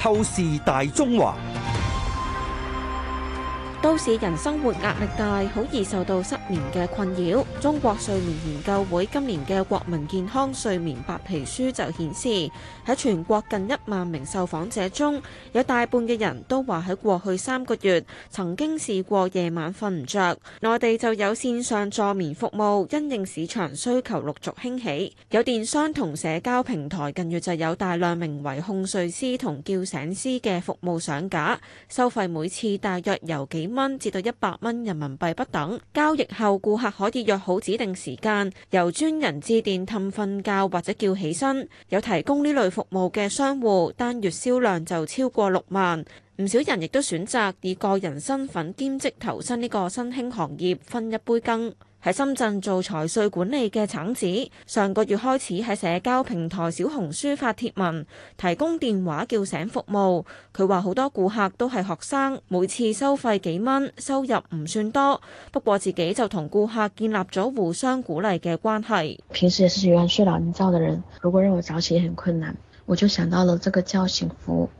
透視大中華。都市人生活壓力大，好易受到失眠嘅困擾。中國睡眠研究會今年嘅國民健康睡眠白皮書就顯示，喺全國近一萬名受訪者中，有大半嘅人都話喺過去三個月曾經試過夜晚瞓唔着。內地就有線上助眠服務，因應市場需求陸續興起，有電商同社交平台近月就有大量名為哄睡師同叫醒師嘅服務上架，收費每次大約由幾蚊至到一百蚊人民幣不等。交易後，顧客可以約好指定時間，由專人致電氹瞓覺或者叫起身。有提供呢類服務嘅商戶，單月銷量就超過六萬。唔少人亦都選擇以個人身份兼職投身呢個新興行業，分一杯羹。喺深圳做財稅管理嘅橙子，上個月開始喺社交平台小紅書發帖文，提供電話叫醒服務。佢話好多顧客都係學生，每次收費幾蚊，收入唔算多，不過自己就同顧客建立咗互相鼓勵嘅關係。平時也是喜歡睡懶覺的人，如果讓我早起也很困難，我就想到了這個叫醒服務。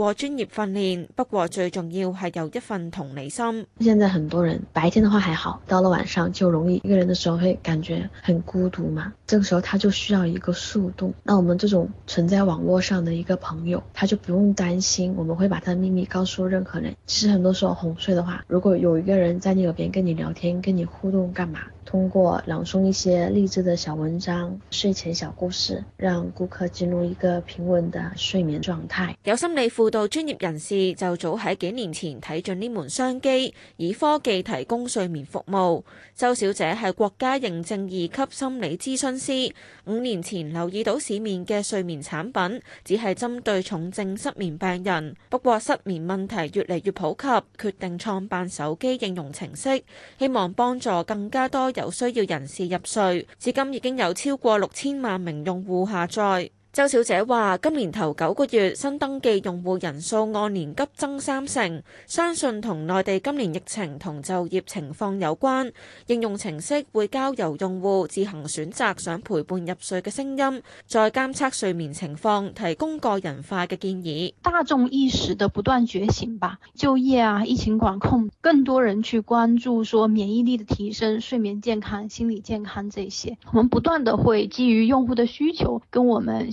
過專業訓練，不過最重要係有一份同理心。現在很多人白天的話還好，到了晚上就容易一個人的時候會感覺很孤獨嘛。這個時候他就需要一個樹洞。那我們這種存在網絡上的一個朋友，他就不用擔心我們會把他的秘密告訴任何人。其實很多時候哄睡的話，如果有一個人在你耳邊跟你聊天，跟你互動，幹嘛？通過朗誦一些勵志的小文章、睡前小故事，讓顧客進入一個平穩的睡眠狀態。有心理輔導專業人士就早喺幾年前睇準呢門商機，以科技提供睡眠服務。周小姐係國家認證二級心理諮詢師，五年前留意到市面嘅睡眠產品只係針對重症失眠病人，不過失眠問題越嚟越普及，決定創辦手機應用程式，希望幫助更加多人。有需要人士入睡，至今已經有超過六千萬名用戶下載。周小姐話：今年頭九個月新登記用戶人數按年急增三成，相信同內地今年疫情同就業情況有關。應用程式會交由用戶自行選擇想陪伴入睡嘅聲音，再監測睡眠情況，提供個人化嘅建議。大眾意識的不斷覺醒吧，就業啊，疫情管控，更多人去關注說免疫力的提升、睡眠健康、心理健康這些。我們不斷的會基於用戶的需求，跟我們。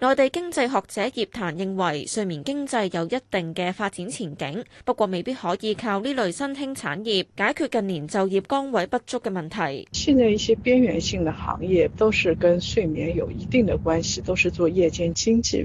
內地經濟學者葉檀認為，睡眠經濟有一定嘅發展前景，不過未必可以靠呢類新興產業解決近年就業崗位不足嘅問題。現在一些邊緣性的行業都是跟睡眠有一定的關係，都是做夜間經濟。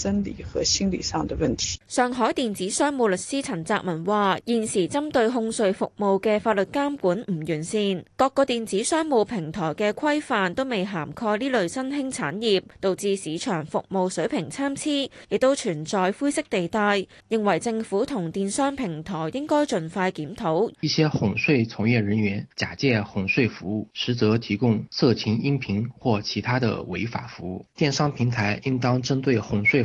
生理和心理上的問題。上海電子商務律師陳澤文話，現時針對哄睡服務嘅法律監管唔完善，各個電子商務平台嘅規範都未涵蓋呢類新興產業，導致市場服務水平參差，亦都存在灰色地帶，認為政府同電商平台應該盡快檢討。一些哄睡從業人員假借哄睡服務，實則提供色情音頻或其他的違法服務，電商平台應當針對哄睡。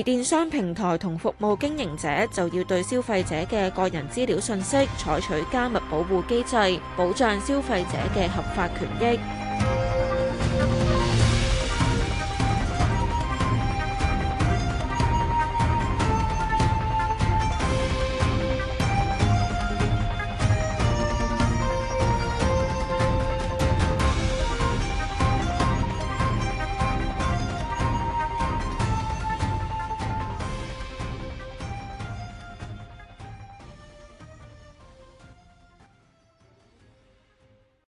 而電商平台同服務經營者就要對消費者嘅個人資料信息採取加密保護機制，保障消費者嘅合法權益。